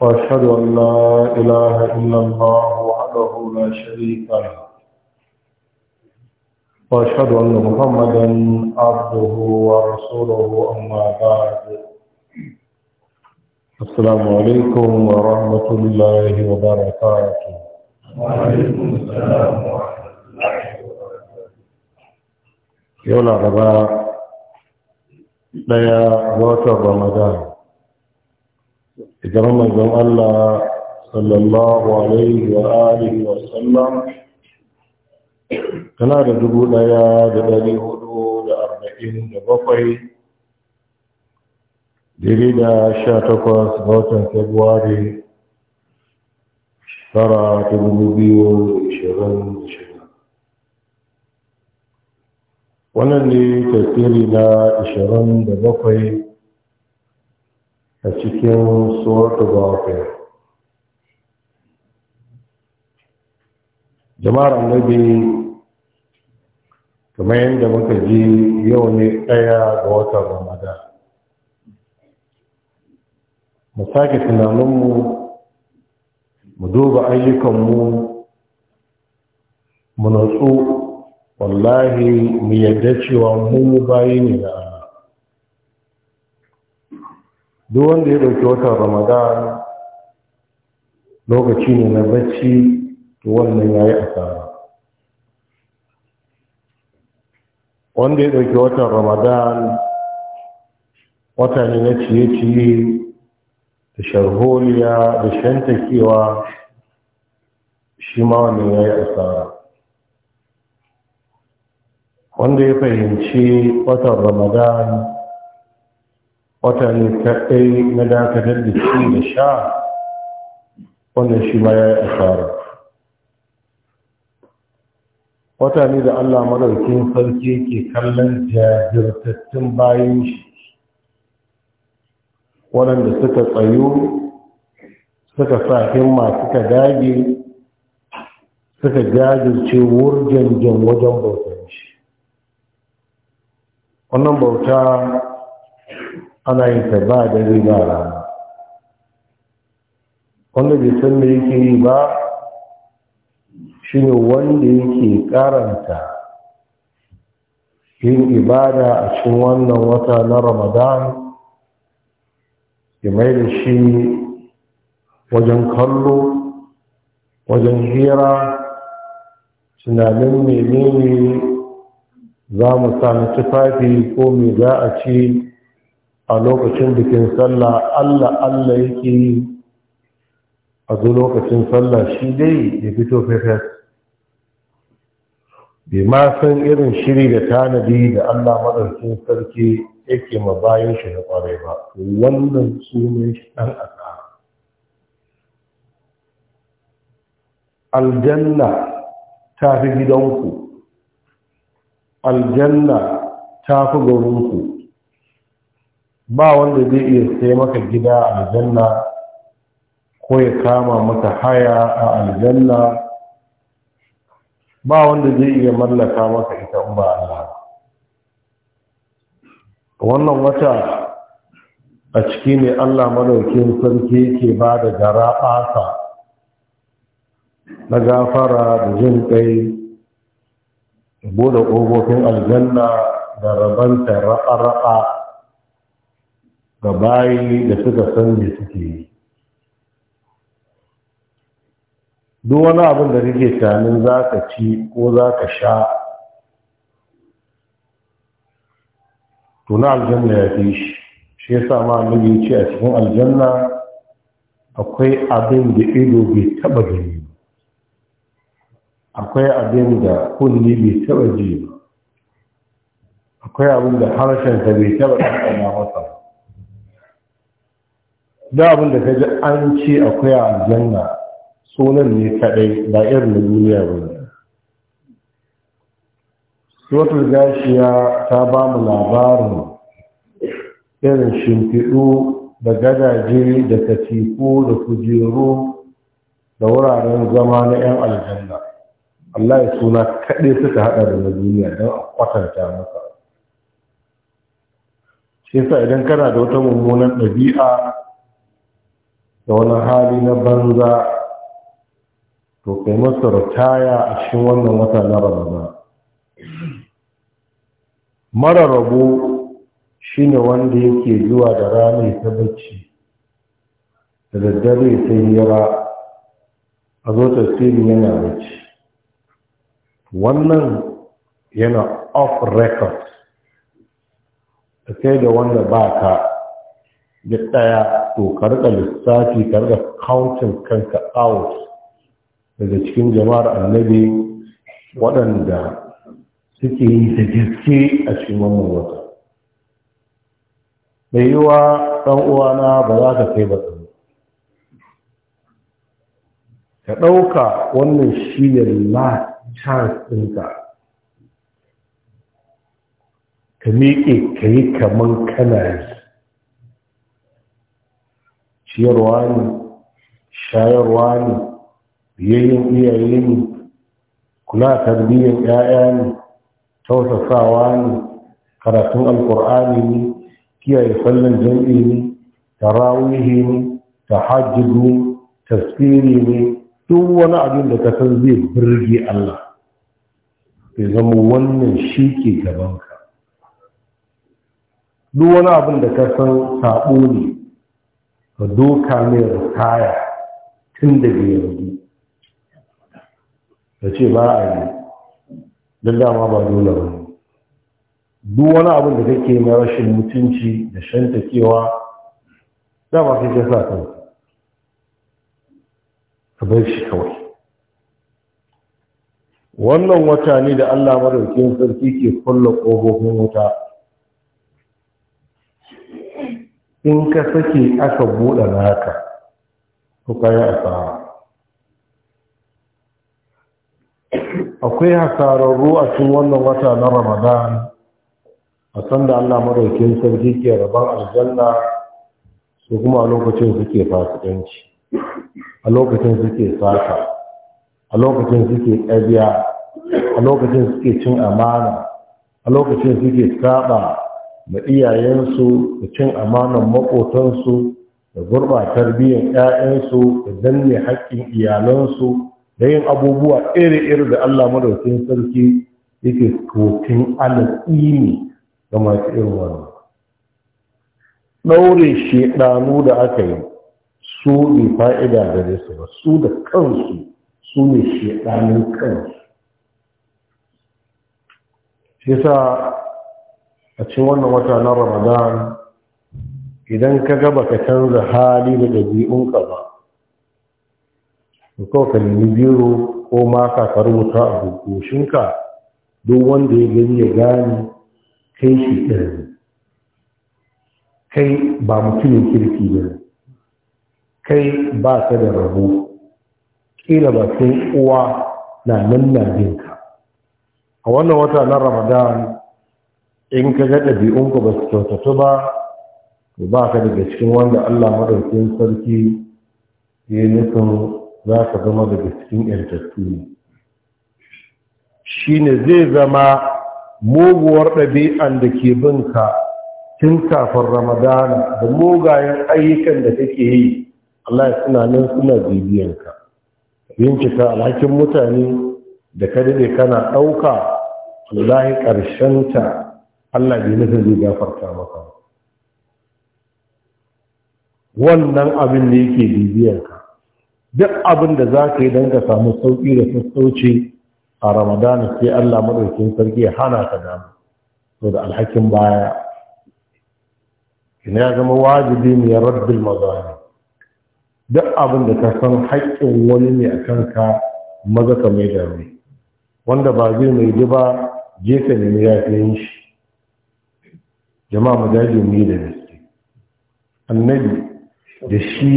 وأشهد أن لا إله إلا الله وحده لا شريك له وأشهد أن محمدا عبده ورسوله أما بعد السلام عليكم ورحمة الله وبركاته وعليكم السلام ورحمة الله وبركاته يولا غباء ليا رمضان idan manzon Allah sallallahu alaihi wa alihi wa sallam tana da dubu ɗaya da dari hudu da arba'in da bakwai daidai da sha takwas ga watan februari tara ta dubu biyu ishirin da shida wannan ne tasiri na ishirin da bakwai a cikin ba ghafir jama'ar annabi kamar yadda muka ji yau ne ɗaya ga watan ramada mu sake tunaninmu mu duba ayyukanmu mu natsu wallahi mu yadda cewa mu bayi ne da Allah duk wanda ya ɗauki watan ramadan lokaci ne na bacci to wannan ya yi asara wanda ya ɗauki watan ramadan wata ne na ciye-ciye da sharholiya da shantakewa shi ma wannan ya yi asara wanda ya fahimci watan ramadan wata ne kaɗai na dakatar da shi da sha wanda shi ma ya yi asara wata ne da allah maraukin sarki ke kallon jajirtattun bayan shi waɗanda suka tsayo suka sa himma suka dage suka jajirce wurjanjan wajen bautar shi wannan bauta ana yin ta ba dare ba rana wanda bai san me yake yi ba shine wanda yake karanta yin ibada a cikin wannan wata na ramadan ya mai da shi wajen kallo wajen hira tunanin menene za mu sami tufafi ko me za a ci a lokacin bikin sallah Allah Allah yake yi a zo lokacin sallah shi dai ya fito fefes bai ma san irin shiri da tanadi da Allah madaukin sarki yake ma bayan shi na ƙwarai ba wannan sunan shi ɗan asa aljanna ta fi gidanku aljanna ta fi garinku ba wanda zai iya sai maka gida a aljanna ko ya kama maka haya a aljanna ba wanda zai iya mallaka maka ita in ba Allah wannan wata a ciki ne Allah madaukin sarki yake ba da garaɓasa na gafara da jin kai bude ƙofofin aljanna da rabanta ra'a-ra'a ga bayi da suka san da suke yi duk wani abin da kake tunanin za ka ci ko za ka sha tuna aljanna ya fi shi shi ya sa ma ce a cikin aljanna akwai abin da ido bai taba gani akwai abin da kulli bai taba ji akwai abin da harshen ka bai taba ɗanɗana masa ba da abin da ka ji an ce akwai a aljanna sunan ne kaɗai ba irin na duniya ba ne sotar gashiya ta ba mu labarin irin shimfiɗu da gadaje da katifu da kujeru da wuraren zama na 'yan aljanna Allah ya suna kaɗai suka haɗa da na duniya don a kwatanta maka shi sa idan kana da wata mummunan ɗabi'a da wani hali na banza to kai masa ritaya a cikin wannan wata na ramadan mara rabo ne wanda yake zuwa da rana ta bacci da daddare ta hira a zo ta tasirin yana bacci wannan yana off record da kai da wanda ba ka duk ɗaya to karka lissafi karka counting kanka out daga cikin jama'ar annabi waɗanda suke yi da gaske a cikin wannan wata mai yiwa ɗan uwana ba za ka kai ba ka ɗauka wannan shi ne last ɗinka ka miƙe ka yi kaman kana yi ciyarwa ne shayarwa ne biyayyen iyaye ne kula tarbiyyar 'ya'ya ne tausasawa ne karatun alkur'ani ne kiyaye sallan jam'i ne tarawihi ne tahajjud ne tasiri ne duk wani abin da ka san zai birge Allah ya zama wannan shi ke gabanka duk wani abin da ka san sabo ne ka doka mai rukaya tun daga yanzu da ce ba a yi don dama ba dole ba duk wani abin da kake mai rashin mutunci da shantakewa dama ba ka sa kanka ka bai shi kawai wannan wata ne da Allah madaukin sarki ke kulla ƙofofin wuta in ka sake aka buɗe naka to yi asara akwai hasararru a cikin wannan wata na ramadan a sanda allah madaukin sarki ke rabon aljanna su kuma a lokacin suke fasikanci a lokacin suke sata a lokacin suke ƙarya a lokacin suke cin amana a lokacin suke saba da iyayensu da cin amanan maƙotansu da gurɓatar biyan 'ya'yansu da danne haƙƙin iyalansu da yin abubuwa iri-iri da Allah madaukin sarki yake kokin alaƙini ga masu irin wannan ɗaure shaɗanu da aka yi su ne fa'ida da su ba su da kansu su ne shaɗanun kansu shi sa a cikin wannan wata na ramadan idan ka gaba ka canza hali da ɗabi'unka ba kawai ka yi biro ko maka ka rubuta a hukushinka duk wanda ya gani ya gane kai shi ɗari kai ba mutumin kirki ba kai ba ka da rabo kila ba sai uwa na nan na binka a wannan wata na ramadan in ka ga ɗabi'unku ba su kyautatu ba to ba ka daga cikin wanda Allah madaukin sarki ya nufin za ka zama daga cikin ƴantattu ne shi ne zai zama muguwar ɗabi'an da ke bin ka tun kafin ramadana da mugayen ayyukan da kake yi Allah ya suna nan suna ka. bincika alhakin mutane da ka daɗe kana ɗauka ƙarshen ta. Allah bai nufin zai gafarta maka wannan abin da yake bibiyar ka duk abin da za ka yi don ka samu sauƙi da sassauci a ramadana sai Allah maɗaukin sarki ya hana ka dama to da alhakin baya ina ya zama wajibi mai ya mazani duk abin da ka san haƙƙin wani ne a kanka maza ka mai da wanda ba zai mai ji ba je ka nemi yafiyan shi jama'a mu dage mu da gaske annabi da shi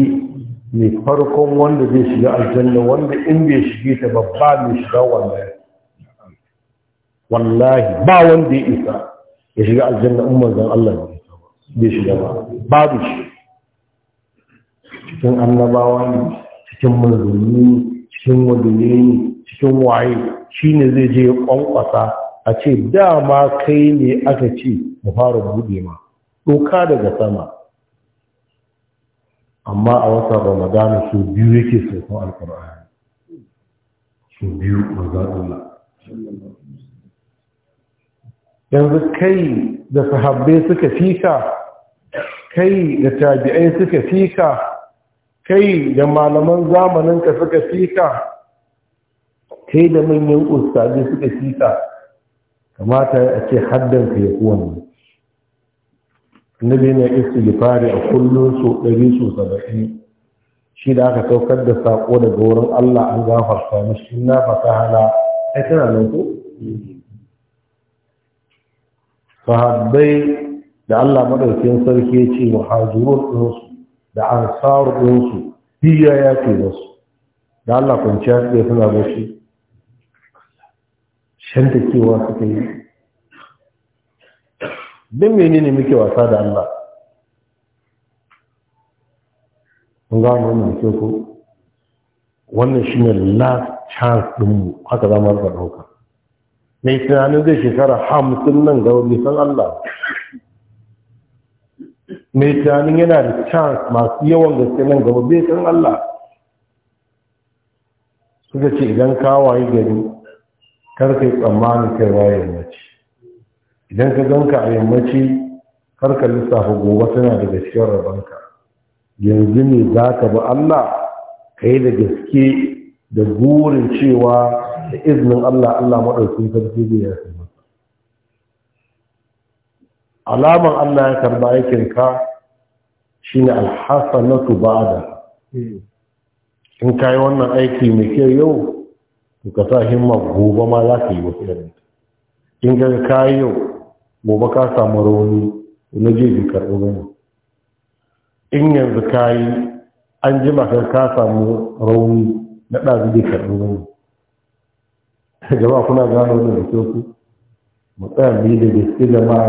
ne farkon wanda zai shiga aljanna wanda in bai shige ta babba mai shiga wanda wallahi ba wanda ya isa ya shiga aljanna umar zan Allah ne bai shiga ba babu shi cikin annabawa ne cikin manzanni cikin wadule ne cikin waye shine zai je ya kwankwasa a ce dama kai ne aka ce da fara buɗe ma doka daga sama amma a watan ramadana su biyu yake saukon alkur'ani su biyu manzan yanzu kai da sahabbai suka fika kai da tabi'ai suka fika kai da malaman zamaninka suka fika kai da manyan ustazi suka fika kamata a ce haddanka ya kowanne annabi yana istighfari a kullum su ɗari su saba'in shi da aka saukar da saƙo daga wurin Allah an gafarta mishi in na fasahala ai tana nan ko sahabbai da Allah madaukin sarki ya ce muhajirun ɗinsu da ansaru ɗinsu biya ya ce wasu da Allah kwanciya ya suna bashi shanta cewa suka yi don menene muke wasa da Allah mun ga mun wannan ke ko wannan shi ne last chance din mu haka za mu dauka ne mai tunanin zai shekara hamsin nan ga wani san Allah mai tunanin yana da chance masu yawan gaske nan gaba wani san Allah suka ce idan ka waye gari kar kai tsammanin kai waye mace idan ka ganka a yammaci har ka lissafa gobe tana daga cikin rabanka yanzu ne za ka bi Allah ka yi da gaske da burin cewa da izinin Allah Allah maɗaukin sarki zai ya sami alaman Allah ya karba aikinka shi ne alhassanatu da in ka yi wannan aiki mai kyau yau to ka sa himma gobe ma za ka yi wasu irin in ka yi yau gobe ka samu rauni na jeji karɓi in yanzu ka yi an ji maka ka samu rauni na ɗazu da karɓi bane jama'a kuna gano wannan da kyau ku mu mu yi da gaske jama'a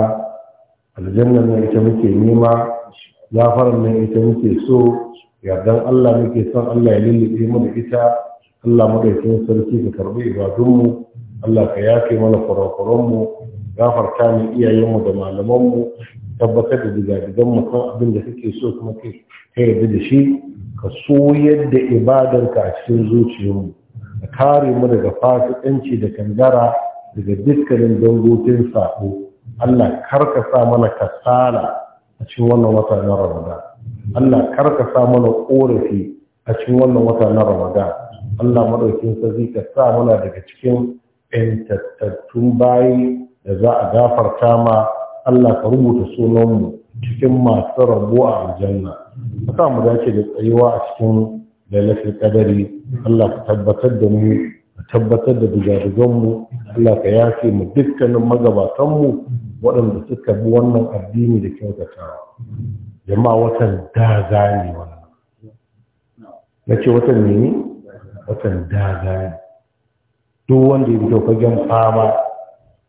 aljannan na ita muke nema fara na ita muke so yardan Allah muke son Allah ya lullube mu da ita Allah madaukakin sarki ka karbi ibadunmu Allah ka yafe mana kurakuranmu gafarta mu iyayenmu da malamanmu tabbatar da digadigan mu kan abin da kake so kuma kai ka yarda da shi ka so yadda ibadarka a cikin zuciyarmu ka kare mu daga fasikanci da kangara daga dukkanin dangotin sabo Allah karka sa mana kasala a cikin wannan wata na Ramadan Allah karka sa mana korafi a cikin wannan wata na Ramadan Allah madaukin sarki ka mana daga cikin 'yantattun bayi da za a gafarta ma Allah ka rubuta sunanmu cikin masu rabo a aljanna ka mu dace da tsayuwa a cikin lailatul qadari Allah ka tabbatar da mu ka tabbatar da dugaduganmu Allah ka yafe mu dukkanin magabatanmu waɗanda suka bi wannan addini da kyautatawa jama'a watan daza ne wannan na ce watan ne watan daza ne duk wanda ya fito fagen fama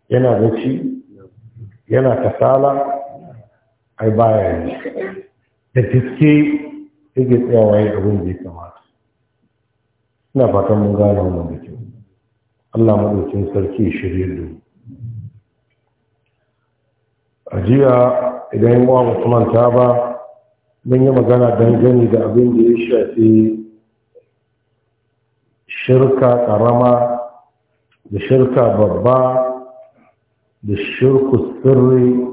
yana bacci yana kasala ai baya yi da gaske yake tsayawa yi abin da ya kamata ina fatan mun gane wannan da kyau Allah maɗaukin sarki shirye da a jiya idan yi wa musamman ba mun yi magana gani da abin da ya shafi shirka ƙarama da shirka babba da shirku sirri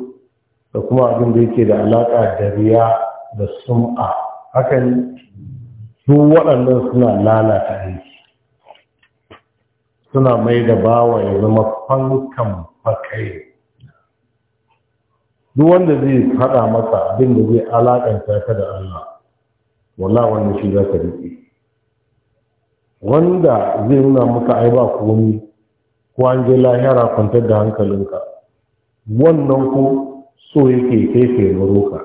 da kuma abin da yake da alaƙa da riya da sum'a hakan su waɗannan suna lalata aiki suna mai da bawa ya zama fankan fakai duk wanda zai faɗa masa abin da zai alaƙanta ka da Allah wallah wannan shi za ka riƙe wanda zai nuna maka ai ba komi ko an je lahira kwantar da hankalinka wannan ku so yake kai kai maroka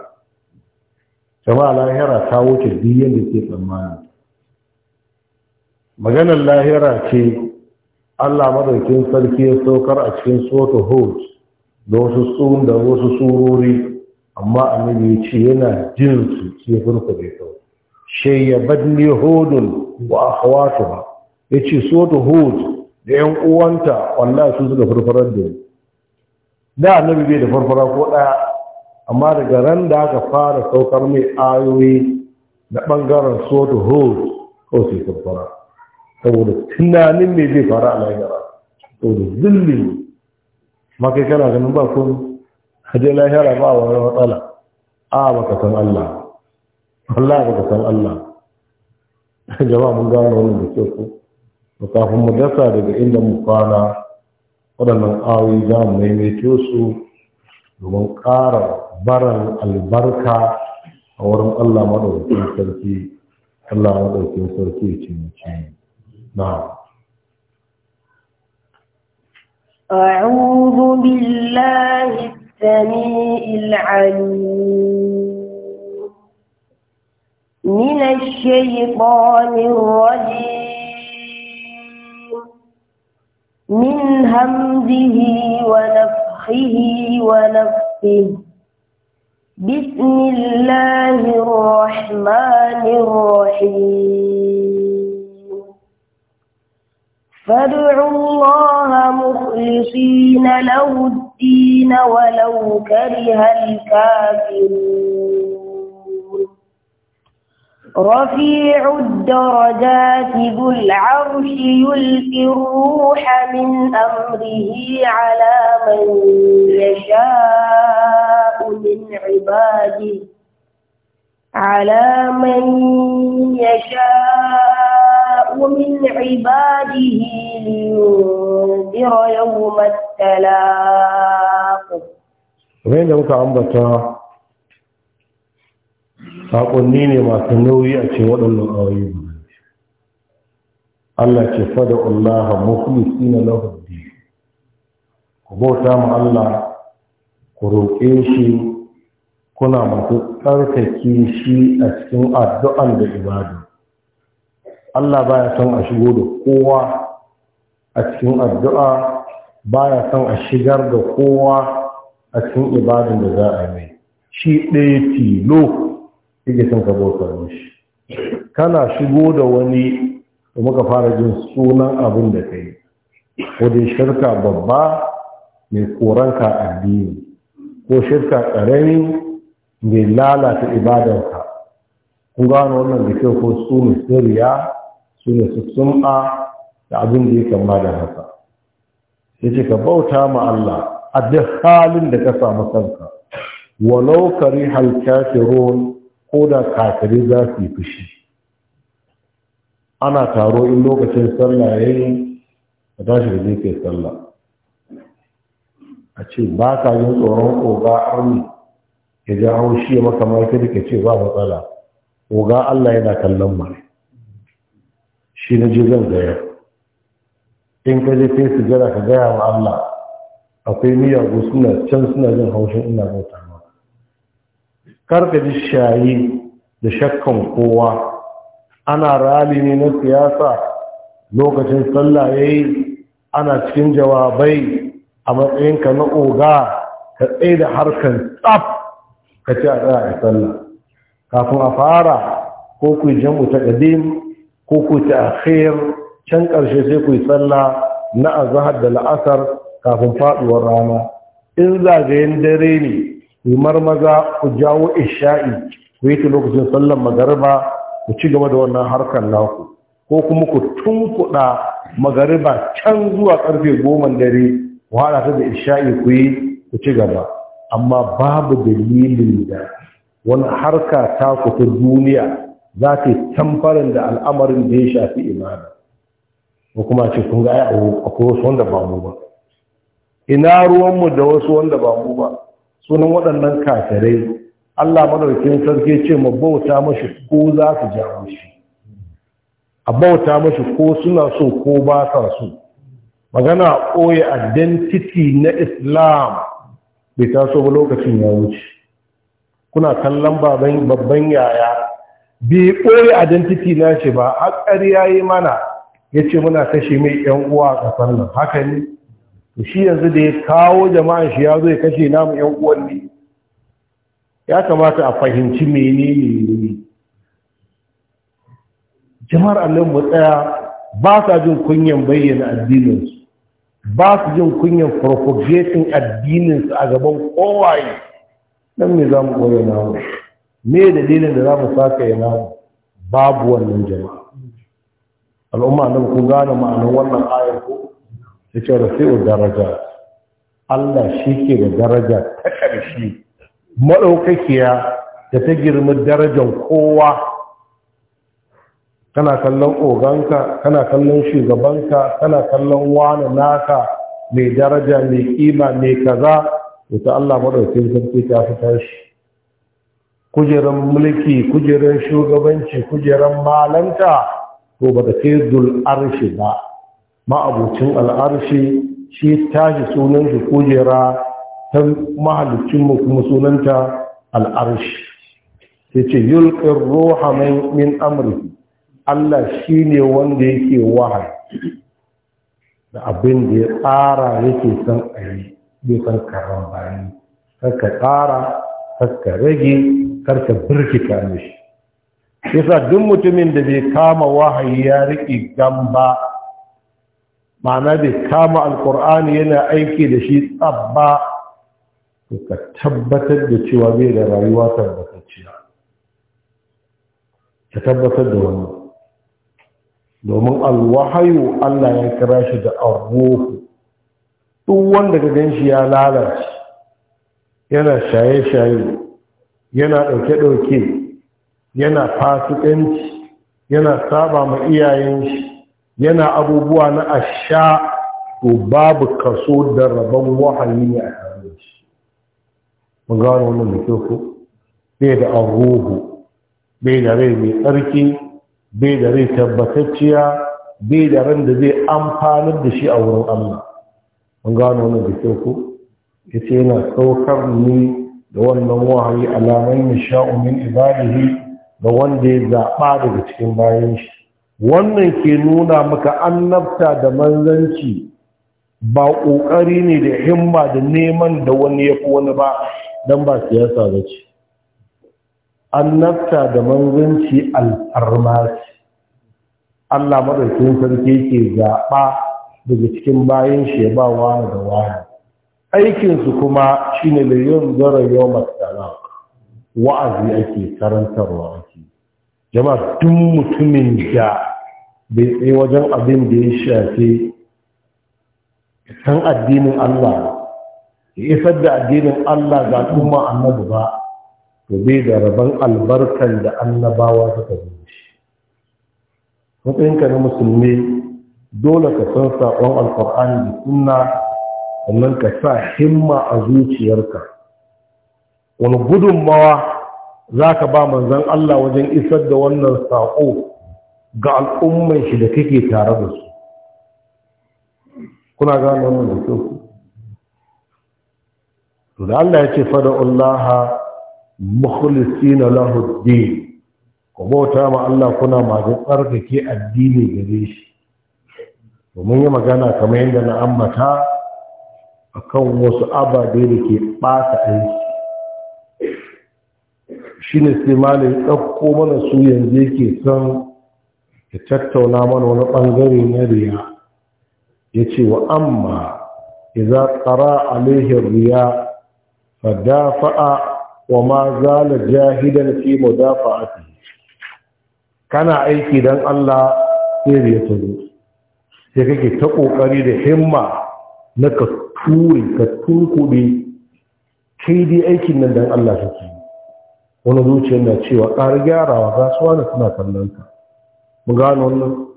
jama'a lahira ta wuce biyan da ke tsammani maganar lahira ce Allah madaukin sarki ya saukar a cikin soto hoj da wasu tsohon da wasu surori amma annabi ya ce yana jin su ke furka bai shayyabar ne hodun wa ya ce soto hoj da yan uwanta wallahi su suka farfarar da da annabi bai da farfara ko daya amma daga ran da aka fara saukar mai ayoyi na bangaren sotu hud ko sai farfara saboda tunanin mai zai fara a lahira saboda ma kai kana ganin ba kun hajji lahira ba wani matsala a baka san Allah Allah baka san Allah jama'a mun gano wannan da kyau ko to kafin mu dasa daga inda mu kwana waɗannan awi za mu maimaito su domin ƙara baran albarka a wurin Allah maɗaukakin sarki Allah maɗaukakin sarki ya ce mace na أعوذ بالله السميع العليم من الشيطان الرجيم من همزه ونفخه ونفخه بسم الله الرحمن الرحيم فادعوا الله مخلصين له الدين ولو كره الكافرون رفيع الدرجات ذو العرش يلقي الروح من أمره على من يشاء من عباده على من يشاء من عباده لينذر يوم التلاق. وين لو تعمدت saƙonni ne masu nauyi a ce waɗannan ayoyi Allah ce fada Allah na lahu biyu. ku bauta ma Allah ku roƙe shi kuna masu tsarkake shi a cikin addu'an da ibada Allah baya son a shigo da kowa a cikin addu'a baya son a shigar da kowa a cikin ibadun da za a yi shi ɗaya tilo yake son ka bauta mishi kana shigo da wani da muka fara jin sunan abin da kai ko dai shirka babba mai koranka addini ko shirka ƙarami mai lalata ibadanka kun gano wannan da kyau ko su ne siriya su ne su da abin da ya kama da haka ya ce ka bauta ma Allah a duk halin da ka samu kanka walau kari halkafirun ko da kafirai za su yi fushi ana taro in lokacin sallah ya yi a tashi da zai sallah a ce ba ka yin tsoron oga arni ya ji shi ya maka mafi da ke ce ba matsala oga allah yana kallon mare shi na je zan gaya in ka je fesu gara ka gaya wa allah akwai miyagu suna can suna jin haushin ina bauta ma karka ji shayi da shakkan kowa ana rali ne na siyasa lokacin sallah yayi ana cikin jawabai a matsayinka na oga ka tsaye da harkar tsaf ka ci a tsaya a sallah kafin a fara ko ku jam'u ta ƙadim ko ku ta akhir can ƙarshe sai ku yi sallah na azahar da la'asar kafin faɗuwar rana in zagayen dare ne ku maza ku jawo isha'i ku yi ta lokacin sallar magariba ku ci gaba da wannan harkar naku ko kuma ku tunkuɗa magariba can zuwa ƙarfe goma dare ku haɗa ta da isha'i ku yi ku ci gaba amma babu dalilin da wani harka ta ku ta duniya za ta yi tamfarin da al'amarin da ya shafi imana ko kuma ce kun ga akwai wasu wanda ba mu ba ina ruwanmu da wasu wanda ba mu ba sunan waɗannan kafirai Allah madaukin sarki ce mu bauta mashi ko za su jawo shi a bauta mashi ko suna so ko ba sa so magana koyi identity na Islam bai taso ba lokacin ya wuce kuna kallon baban babban yaya Bi koyi identity na shi ba har ƙarya yi mana yace muna kashe mai yan uwa a kasar nan haka ne shi yanzu da ya kawo jama'an shi ya zo ya kashe namu yan uwan ne ya kamata a fahimci menene ne jama'ar annabi mu tsaya ba sa jin kunyan bayyana addininsu ba su jin kunyan propagating addininsu a gaban kowaye nan me za mu koya namu me dalilin da za mu saka ya namu babu wannan jama'a al'umma nan ku gane ma'anar wannan ayar ko ya ce rafi'u daraja Allah shi ke da daraja ta ƙarshe maɗaukakiya da ta girma darajan kowa kana kallon oganka kana kallon shugabanka kana kallon wani naka mai daraja mai ƙima, mai kaza ta Allah madaukin sarki ta fi tashi kujeran mulki kujerar shugabanci kujerar malanta to ba ta kai zul arshi ba Ma'abocin al'arshi shi tashi sunan shi kujera ta mu kuma sunanta al'arshi ya ce yulƙin roha min amurki allah shi ne wanda yake wahal da abin da ya tsara yake son ayi, yi bai san karan bayan karka tsara karka rage karka birkita mishi yasa duk mutumin da bai kama wahayi ya riƙe gamba ma'ana da kama alkur'ani yana aiki da shi tsabba to ka tabbatar da cewa bai da rayuwa tabbatacciya ka tabbatar da wani domin alwahayu Allah ya kira shi da arruhu duk wanda ka gan shi ya lalace yana shaye-shaye yana ɗauke-ɗauke yana fasikanci yana saba ma iyayen shi yana abubuwa na asha to babu kaso da rabon wahayi ne a tare shi mun gano wannan da kyau bai da arruhu bai da rai mai tsarki bai da rai tabbatacciya bai da ran da zai amfanar da shi a wurin Allah mun gano wannan da kyau ko yace yana saukar ni da wannan wahayi alaman nisha'u min ibadihi da wanda ya zaɓa daga cikin bayan shi wannan ke nuna maka annabta da manzanci ba ƙoƙari ne da himma da neman da wani ya fi wani ba don ba siyasa ba ce annabta da manzanci alfarma ce allah maɗaukin sarki ke zaɓa daga cikin bayan shi ba wani da wani aikinsu kuma shine da yin zara yau wa'azi ake karantarwa jama tun mutumin da bai tsaye wajen abin da ya shafi san addinin Allah ya isar da addinin Allah ga al'umma annabu ba to bai da rabon albarkar da annabawa ta tabi shi matsayinka na musulmi dole ka san saƙon alƙur'ani da sunna sannan ka sa himma a zuciyarka wani gudunmawa za ka ba manzan Allah wajen isar da wannan saƙo ga al'umman shi da kake tare da su kuna gane wannan da kyau to da Allah ya ce fada Allah mukhlisina lahu din ku bauta ma Allah kuna masu tsarkake addini gare shi domin yi magana kamar yadda na ambata akan wasu ababe da ke ɓata aiki shi ne sai malin ɗauko mana su yanzu yake son ya tattauna mana wani ɓangare na riya ya ce wa amma iza tsara alaihin riya fa dafa'a wa ma zala jahidan fi mudafa'ati kana aiki don Allah sai riya ta zo sai kake ta ƙoƙari da himma na ka ture ka tunkuɗe kai dai aikin nan don Allah kake wani zuciyar na cewa ƙari gyarawa gasuwa da suna kallon ka mu gano wannan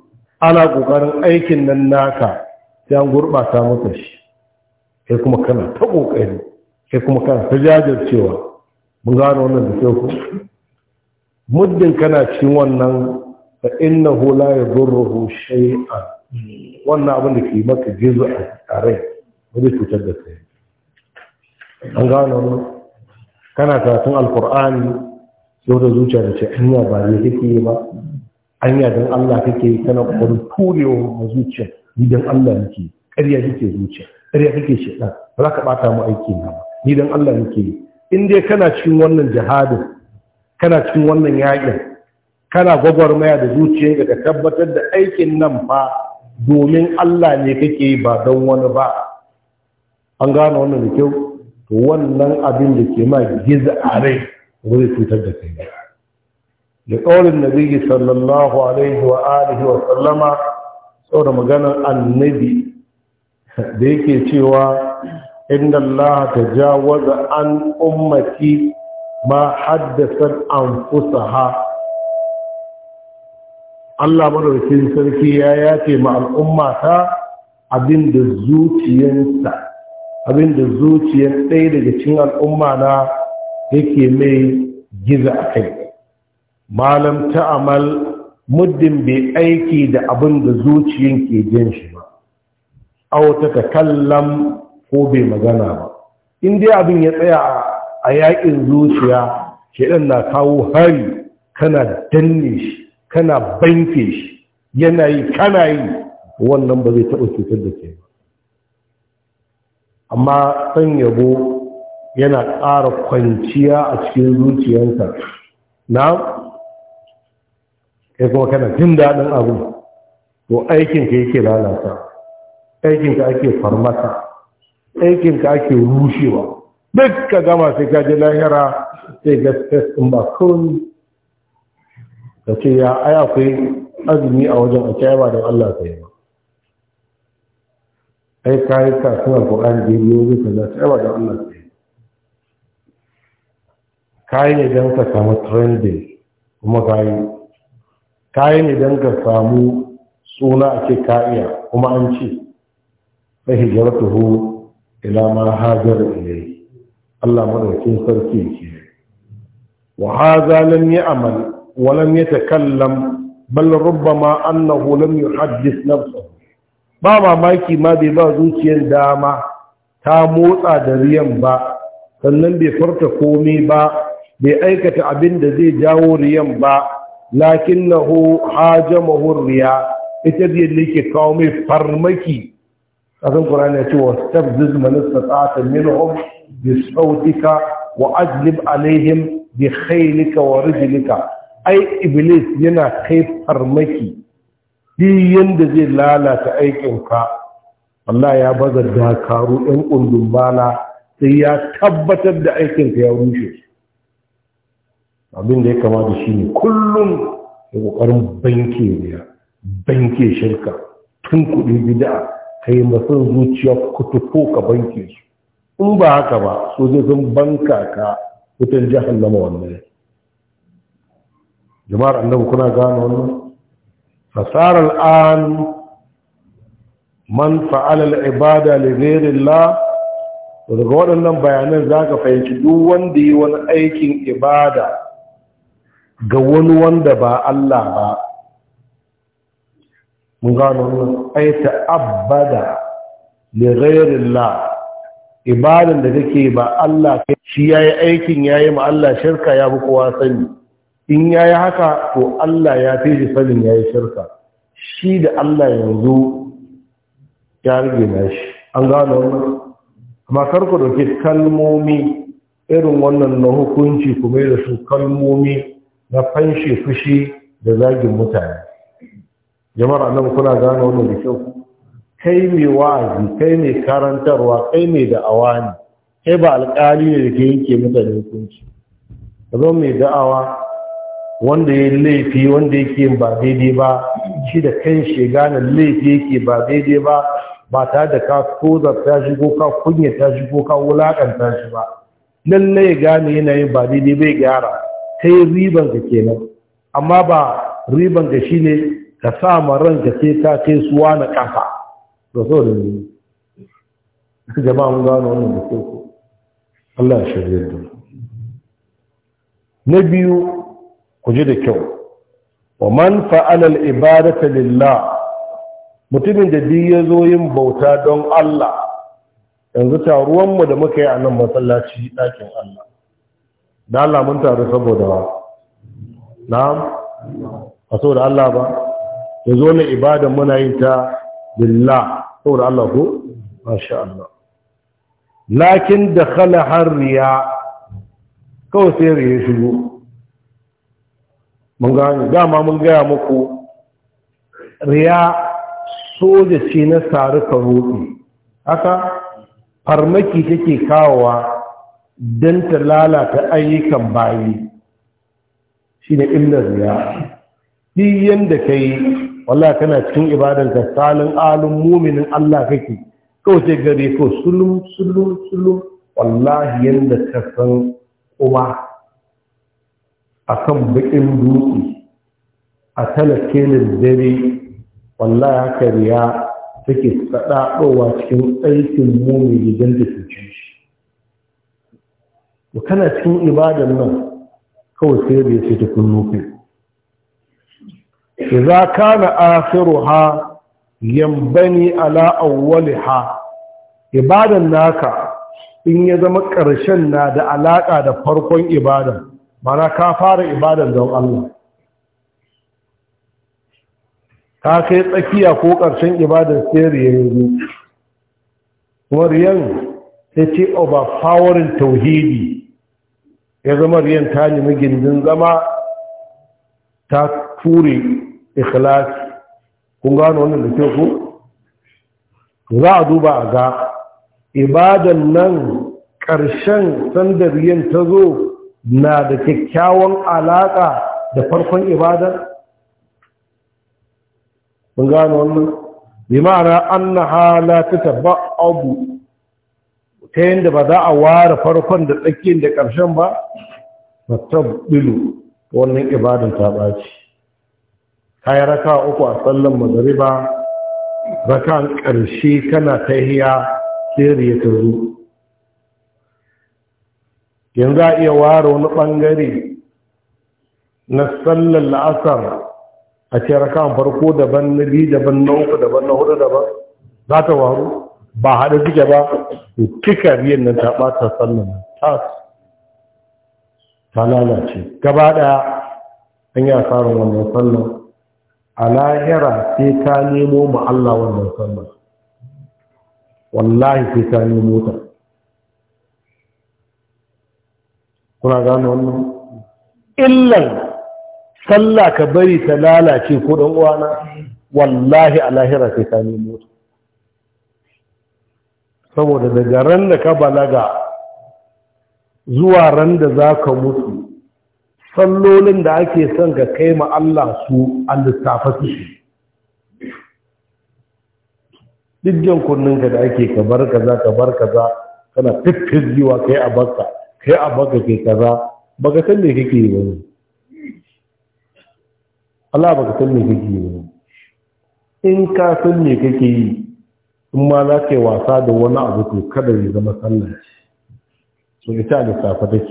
ana ƙoƙarin aikin nan naka an gurɓata mata shi kai kuma kana ta ƙoƙari kai kuma kana ta jajircewa mu gano wannan da sai ku muddin kana cikin wannan fa ya la yadurruhu shay'an wannan abin da ke maka gizo a rai ba zai cutar da kai an gano wannan kana karatun alkur'ani yau da zuciya da ce anya ba ne kake yi ba anya don Allah kake yi kana kokarin turewa a zuciya ni don Allah nake ƙarya kake zuciya ƙarya kake shedan ba za ka bata mu aiki na ba ni don Allah nake yi in dai kana cikin wannan jihadin kana cikin wannan yaƙin kana gwagwarmaya da zuciya da tabbatar da aikin nan fa domin Allah ne kake yi ba don wani ba an gano wannan da kyau wannan abin da ke ma giza a rai cutar da kai ba da ƙaurin nabi sallallahu alaihi wa alihi wa sallama da maganar annabi da yake cewa inda Allah ta jawaza an ummati ma haddasar fusaha. Allah madaukin sarki ya yace ma al'ummata abin da zuciyarsa Abin da zuciyar ɗaya daga cin al'umma na yake mai giza a kai malam ta amal muddin bai aiki da abin da zuciyar ke jin shi ba auta ta kallam ko bai magana ba in dai abin ya tsaya a yaƙin zuciya shedan na kawo hari kana danne shi kana banke shi yana yi kana yi wannan ba zai taɓa cutar da ke ba amma san yabo yana ƙara kwanciya a cikin zuciyarsa na kai kuma kana jin daɗin abu to aikinka yake lalata aikinka ake farmata aikinka ake rushewa duk ka gama sai ka ji lahira sai ga festin ba kawai ka ce ya ai akwai azumi a wajen a ba don Allah yi ba ai ka yi kasuwar ƙoƙari da yi wuri ka za ta yawa da Allah yi. ka yi ne don ka samu trending kuma ka yi ka yi ne don ka samu suna a ce ka'iya kuma an ce sai hijiratuhu ila ma hajar ilai Allah madaukin sarki ke wa hadha lam ya'mal wa lam yatakallam bal rubbama annahu lam yuhaddith nafsahu ba mamaki ma bai ba zuciyar dama ta motsa da riyan ba sannan bai farta komai ba bai aikata abin da zai jawo riyan ba ho hajamahu riya ita riyan ne kawo mai farmaki kasan Qur'ani ya ce wa tabziz man istata'ta minhum bi sautika wa ajlib alaihim bi khaylika wa rijlika ai iblis yana kai farmaki duk yanda zai lalata aikinka Allah ya baza dakaru ɗan ƙundun bala sai ya tabbatar da aikinka ya rushe abin da ya kama da shi ne kullum ya ƙoƙarin banke wuya banke shirka tun kuɗi gida ka yi masan zuciya kutufo ka banke su in ba haka ba so zai sun banka ka wutan jahannama wannan jama'ar annabi kuna gane wannan فصار الآن man fa'alal ibada lizirillah daga waɗannan bayanan zaka fahimci duk wanda yi wani aikin ibada ga wani wanda ba Allah ba mun gano nan ai ta'abbada lizirillah ibadan da kake ba Allah shi yayi aikin yayi ma Allah shirka ya bi kowa sani in ya yi haka to Allah ya fi shi sanin yi shirka shi da Allah yanzu ya rage na shi an gano amma kar ku dauki kalmomi irin wannan na hukunci kuma da su kalmomi na fanshe fushi da zagin mutane jama'ar nan kuna gano wannan da kyau kai mai wa'azi kai mai karantarwa kai mai da'awa ne kai ba alƙali ne da ke yanke mutane hukunci ka zo mai da'awa wanda ya laifi wanda yake ba daidai ba shi da kan shi gane laifi yake ba daidai ba ba ta da ka tozar ta shi ko ka kunya ta shi ko ka wulakanta shi ba lallai ya gane yanayin ba daidai bai gyara kai riban ka kenan amma ba riban ka shine ka sa ma ranka sai ka kai suwa na kasa da so da ni jama'a mun gano wannan da Allah ya shirye da na biyu ku ji da kyau wa man fa'ala al-ibadata lilla, mutumin da duk ya zo yin bauta don Allah yanzu taruwanmu da muka yi a nan masallaci ɗakin Allah da Allah mun taru saboda wa na'am a saboda Allah ba ya zo na ibada muna yin ta lillah saboda Allah ko masha Allah lakin da khala har riya kawai sai riya shigo mun gane dama mun gaya muku riya soja ce na sari karoɗi haka farmaki take kawowa don ta lalata ayyukan bayi shi ne illar riya shi yadda ka yi wallah kana cikin ibadanka salin alun muminin allah kake kawai sai gare ko sulum sulum sulum wallahi yadda ka san kuma a kan baƙin dutse a talakenin dare wallahi haka riya take saɗaɗowa cikin aikin mu mai gidan da cuce shi to kana cikin ibadan nan kawai sai da ya ce ta za ka idza kana akhiruha yambani ala awwaliha ibadan naka in ya zama ƙarshen na da alaƙa da farkon ibadan mana ka fara ibadar don Allah ka kai tsakiya ko ƙarshen ibadar sai ya yanzu kuma riyan sai ce overpowering tauhidi ya zama riyan ta nemi gindin zama ta ture ikhlas kun gano wannan da ke ku za a duba a ga ibadan nan ƙarshen sandar yin ta zo na da kyakkyawan alaƙa da farkon ibadar mun gano wannan bi ma'ana annaha la tataba'u ta yanda ba za a ware farkon da tsakiyar da ƙarshen ba Ba bilu wannan ibadan ta baci kai raka uku a sallan magariba rakan ƙarshe kana tahiya sai riya ta yanzu a iya ware wani ɓangare na sallar la'asar a ce rakan farko daban na biyu daban na uku daban na hudu daban za ta waru ba haɗe suke ba kika biyan nan ta ɓata sallar tas ta lalace gaba ɗaya an yi asarar wannan sallar a lahira sai ta nemo ma Allah wannan sallar wallahi sai ta nemo ta kuna gano wannan illan sallah ka bari ta lalace ko dan uwana wallahi a lahira sai ka nemo ta saboda daga ran da ka balaga zuwa ran da za ka mutu sallolin da ake son ka kai ma Allah su an lissafa su dijjan kunnin ka da ake ka bar kaza ka bar kaza kana fiffirgiwa kai a barka kai a baka kai kaza baka san me kake yi ba Allah baka san me kake yi ba in ka san me kake yi in ma za ka yi wasa da wani abu to kada ya zama sallah so ita da safa take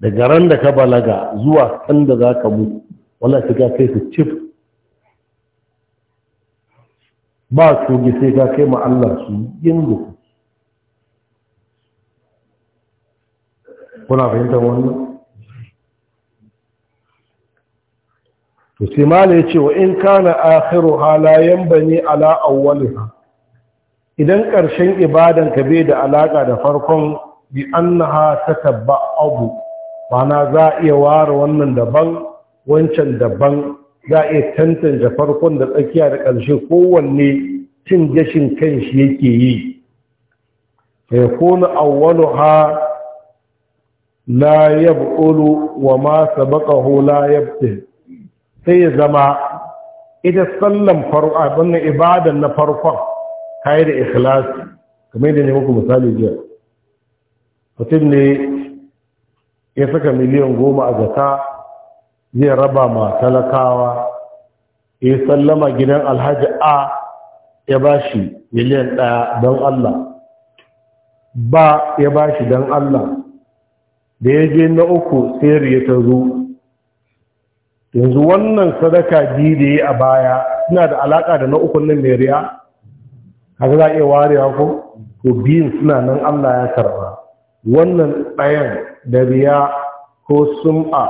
daga ran da ka balaga zuwa san da za ka mutu wallahi sai ka kai su cif ba su sai ka kai ma Allah su yin kuna fahimtar wannan to sai malai ce wa in kana akhiru halayen bane ala awwalha idan karshen ibadan ka bai da alaka da farkon bi annaha tatabba abu mana za a iya ware wannan daban wancan daban za iya tantance farkon da tsakiya da ƙarshe kowanne cin gashin kanshi yake yi ya kuna awwalha la yab'ulu wa ma sabaqahu la sai ya zama ita sallan farko wannan ibadan na farkon kai da ikhlasi kamar yadda ne muku misali jiya mutum ne ya saka miliyan goma a zata zai raba ma talakawa ya sallama gidan alhaji a ya ba shi miliyan ɗaya don Allah ba ya ba shi don Allah da ya je na uku sai riya ta zo yanzu wannan sadaka biyu da ya a baya suna da alaka da na ukun nan mai riya haka za a iya warewa ko to biyun suna nan allah ya karba wannan ɗayan da riya ko sum'a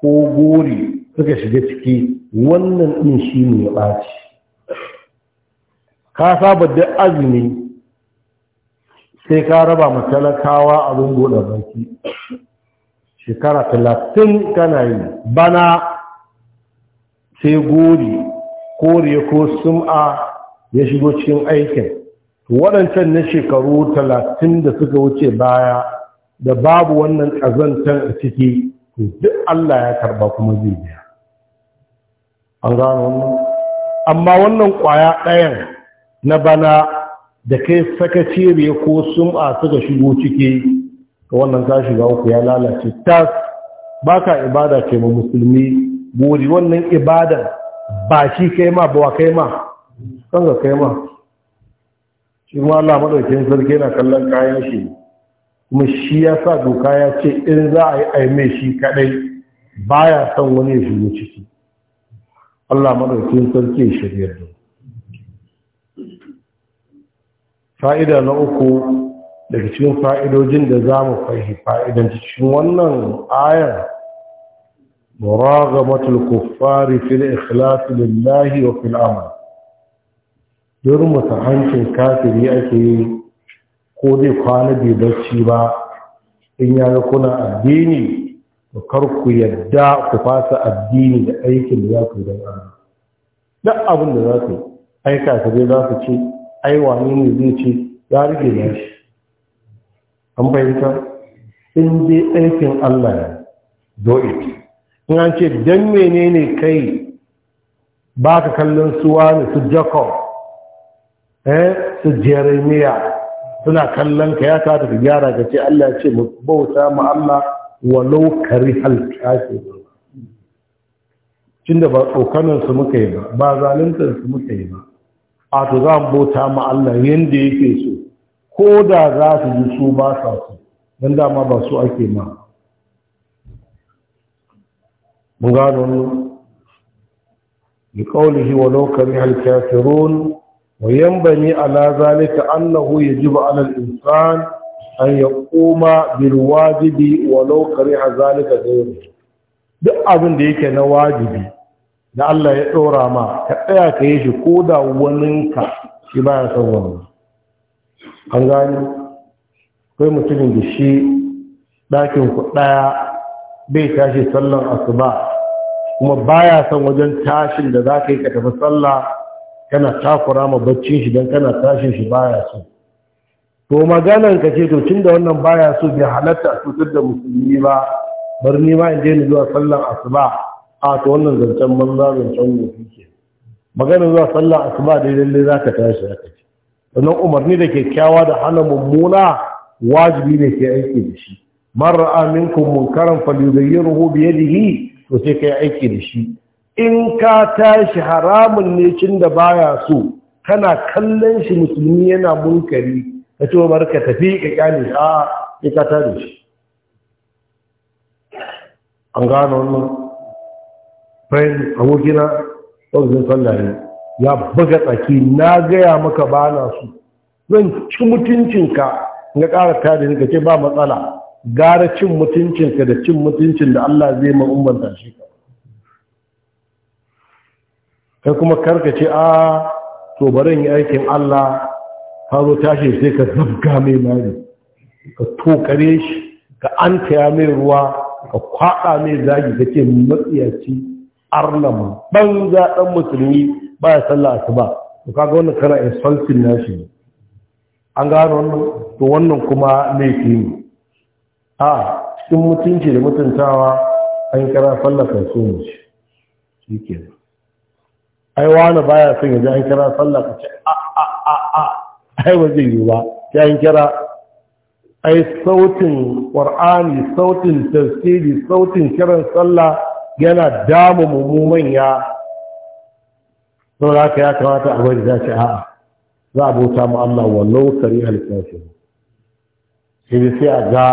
ko gori suka shiga ciki wannan ɗin shi ne ya ɓaci ka saba da azumi sai ka raba matalakawa abin buɗe baki shekara talatin kana yi bana sai gori kore ko sum'a ya shigo cikin aikin waɗancan na shekaru talatin da suka wuce baya da babu wannan ƙazantar a ciki duk Allah ya karba kuma zai biya an gano wannan amma wannan ƙwaya ɗayan na bana da kai sakaciriya ko sum'a suka shigo ciki to wannan ka shiga uku ya lalace tas baka ibada ce ma musulmi buri wannan ibada ba shi kai ma ba kai ma kan ga kai ma shi ma Allah madaukakin sarki yana kallon kayan shi kuma shi ya sa doka ya ce in za a yi aime shi kadai baya son wani ya shigo ciki Allah madaukakin sarki ya shirya da fa'ida na uku daga cikin fa'idojin da za mu fa'idan cikin wannan ayar muragamatul kuffari fil ikhlas lillahi wa fil amal durmusa hancin kafiri ake yi ko dai kwana bai bacci ba in ya ga kuna addini da kar ku yadda ku fasa addini da aikin da za ku yi don ana duk abin da za ku yi aika ka dai za ku ce ai wani ne zai ce ya rike an fahimta in dai aikin Allah ne do it in an ce dan menene kai ba ka kallon suwa ne su Jacob eh su jeremia suna kallon ka ya ta ka gyara ka ce Allah ya ce mu bauta mu Allah walau karihal kafirun tunda ba su muka yi ba ba su muka yi ba a to za mu bauta ma Allah yadda yake so ko da za su ji su ba sa su don dama ba su ake ma mun gano ne wa shi walau kari alkafirun wa yambani ala zalika annahu yajibu ala al-insan an yaquma bil wajibi walau kariha zalika ghayru duk abin da yake na wajibi da Allah ya dora ma ka tsaya ka yi shi koda wani ka shi baya son wannan an gani kai mutumin da shi ɗakin ku ɗaya bai tashi sallan asuba kuma baya son wajen tashin da za ka yi ka tafi sallah kana takura ma baccin shi don kana tashin shi baya so to maganan ka ce to tunda wannan baya so bai halatta cutar da musulmi ba bar ni ma in je ni zuwa sallan asuba a to wannan zancen banza zancen wofi ke maganan zuwa sallan asuba dai lalle za ka tashi za ka ce sannan umarni da kyakkyawa da hana mummuna wajibi ne ke aiki da shi man ra'a minkum munkaran falyughayyirhu bi yadihi to sai kai aiki da shi in ka tashi haramun ne cin da baya so kana kallon shi musulmi yana munkari ka ce bar ka tafi ka kyale a sai ka tare shi an gano wannan bayan abokina wajen sallah ne ya buga tsaki na gaya maka ba na su zan ci mutuncinka ga ƙara tare ka ce ba matsala gara cin mutuncinka da cin mutuncin da Allah zai ma ma'umbanta shi ka kai kuma karka ce a to barin yi aikin Allah haro tashi sai ka zabga mai mari ka tokare shi ka antaya mai ruwa ka kwaɗa mai zagi ka ce matsiyaci arnamu banza ɗan musulmi ba ya sallah asuba to kaga wannan kana insulting nashi ne an gano wannan to wannan kuma laifi ne a cikin mutunci da mutuntawa an kira sallah kan so mu shi shikenan ai wani baya son ya an kira sallah ka ce a a a a ai ba zai yi ba sai an kira ai sautin ƙwar'ani sautin tasiri sautin kiran sallah yana damu mu manya saboda haka ya kamata a bari za ce a'a za a bauta mu Allah wallau kari alkafiru sai sai a ga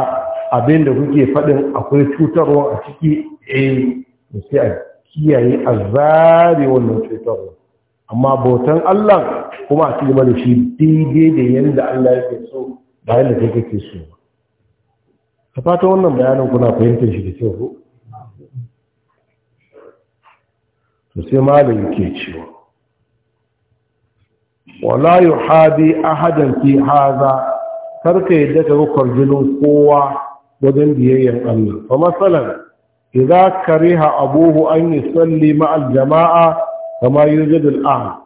abin da kuke faɗin akwai cutarwa a ciki yi eh, sai a kiyaye a zare wannan cutarwa amma bautan Allah kuma a cikin da shi daidai da yadda Allah yake so ba yadda ta kake so ba ta fata wannan bayanin kuna fahimtar shi da kyau ko to sai malam yake cewa wala yuhadi ahadan fi hadha karka yadda ka kwarjinin kowa wajen biyayyen Allah fa masalan idza kariha abuhu an yusalli ma'al jama'a kama yujadul ah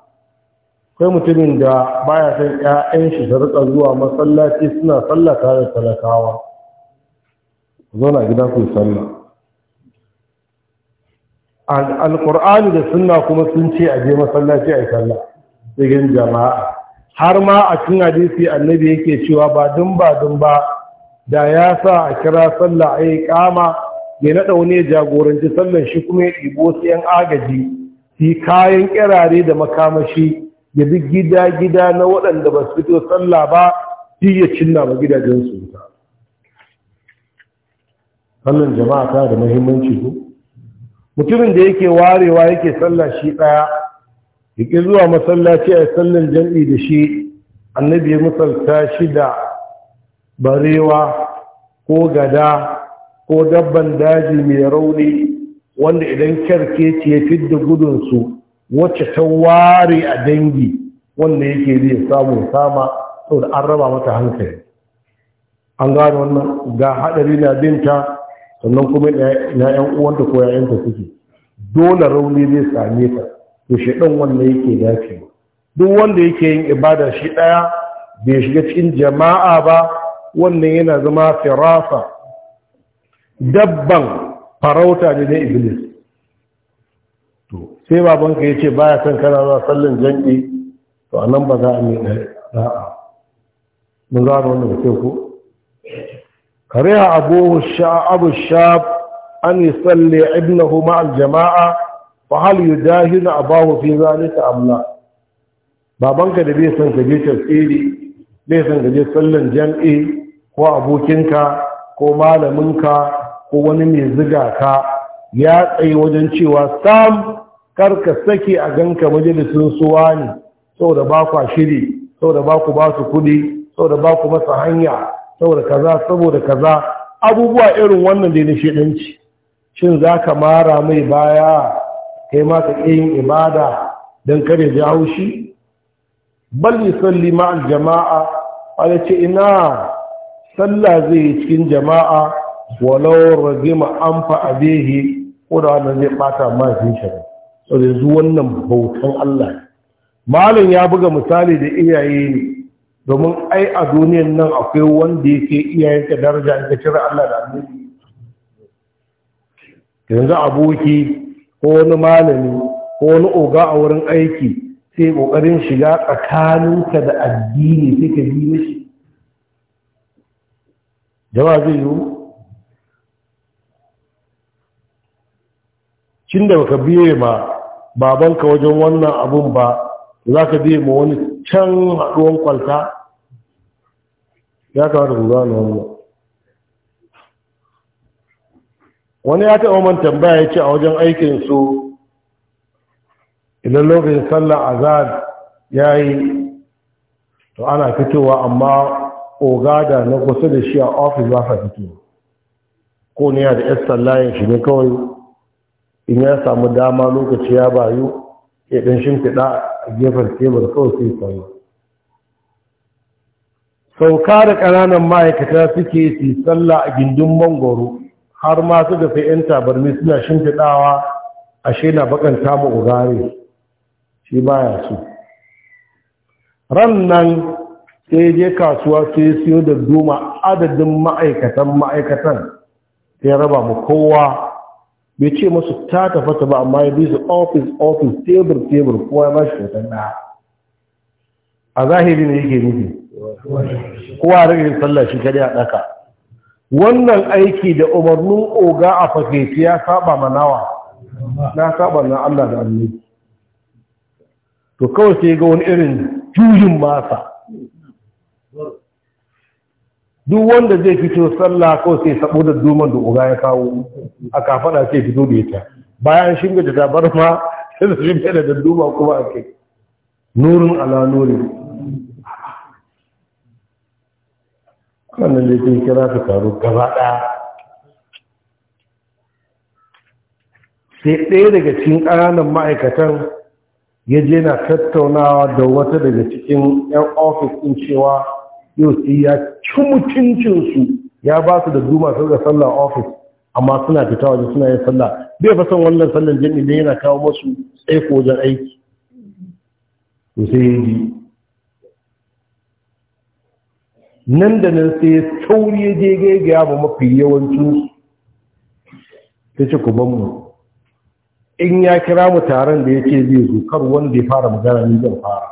kai mutumin da baya san ƴaƴan shi da rika zuwa masallaci suna sallah da talakawa zauna gida ku sallah alqur'ani da sunna kuma sun ce a je masallaci a ai sallah cikin jama'a har ma a cikin hadisi annabi yake cewa ba dun ba dun ba da ya sa a kira sallah a yi kama ya naɗa wani ya jagoranci sallan shi kuma ya ɗibo su yan agaji fi kayan kirare da makamashi ya bi gida-gida na waɗanda ba su fito sallah ba shi ya cinna ma su ta sallan jama'a ta da muhimmanci ko mutumin da yake warewa yake sallah shi ɗaya yake zuwa masallaci a sallan jam'i da shi annabi ya misalta shi da barewa ko gada ko dabban daji mai rauni wanda idan kyarke ce ya fidda gudunsu wacce ta ware a dangi wanda yake zai samun sama da an raba mata hankali an gano wannan ga haɗari na binta sannan kuma na 'yan uwanta ko 'ya'yanta suke dole rauni zai same ta to ɗan wanda yake dafi duk wanda yake yin ibada shi ɗaya, bai shiga cikin jama'a ba wannan yana zama firasa dabban farauta ne na iblis to sai babanka ya ba baya son kana zuwa sallin jan'i to a nan ba za a mai da'a mun gano wannan da kyau ko kariha abu abu sha an a ibnahu ma'al jama'a fa hal yudahilu abahu fi zalika amla baban babanka da bai san je tafsiri bai san je sallan jam'i ko abokinka ko malaminka ko wani mai ziga ka ya tsaye wajen cewa sam karka sake a ganka majalisun suwa ne saboda ba kwa shiri saboda ba ku ba su kudi saboda ba ku masa hanya saboda kaza saboda kaza abubuwa irin wannan da na shidanci shin za ka mara mai baya kai ma ka yin ibada don kare ji haushi bal yusalli ma'al jama'a da ce ina sallah zai yi cikin jama'a walau ragima an fa ko da wannan zai bata mahaifin shi so da zu wannan bautan Allah malam ya buga misali da iyaye ne domin ai a duniyan nan akwai wanda yake ka daraja in ka cire Allah da annabi yanzu aboki ko wani malami ko wani oga a wurin aiki sai ƙoƙarin shiga tsakaninka da addini sai ka bi mishi jama'a zai yiwu cin da baka biye ma babanka wajen wannan abun ba za ka biye ma wani can haɗuwan kwalta ya da ku gano wannan wani ya taɓa man tambaya ya ce a wajen aikin su idan lokacin sallar azad ya yi to ana fitowa amma ogada na kusa da shi a ofis ba sa fito ko ne ya da yar sallayen shi ne kawai in ya samu dama lokaci ya bayu ya ɗan shimfiɗa a gefen tebur kawai sai sallah sauka da ƙananan ma'aikata suke su sallah a gindin mangoro har ma suka sai 'yan tabarmi suna shimfiɗawa ashe na bakan kama ugari shi baya su ran nan sai je kasuwa sai siyo da duma adadin ma'aikatan ma'aikatan sai raba mu kowa bai ce masu ta ta ba amma ya bi su ofis ofis tebur tebur kowa ya ba shi hoton da a zahiri ne yake nufi kowa rage sallah shi kadai a ɗaka wannan aiki da umarnin oga a fakaici ya saba manawa na saba na Allah da annabi to kawai sai ga wani irin juyin masa duk wanda zai fito sallah kawai sai sabo da duman da oga ya kawo a kafada sai fito da ita bayan shinga da ma, sai su da duma kuma a nurin ala nurin wannan da yake kira su taru gaba ɗaya sai ɗaya daga cikin ƙananan ma'aikatan ya je na tattaunawa da wata daga cikin 'yan ofis ɗin cewa yau sai ya ci mutuncinsu ya ba su da duma sau ga sallar ofis amma suna fita waje suna yin sallah bai fa son wannan sallar jami'in yana kawo masu tsaiko wajen aiki to sai ya nan da nan sai sauri ya je gaigaya ba mafi yawancin ta ce kubanmu, in ya kira mu taron da ya ce zai zo kar wanda ya fara magana ni zan fara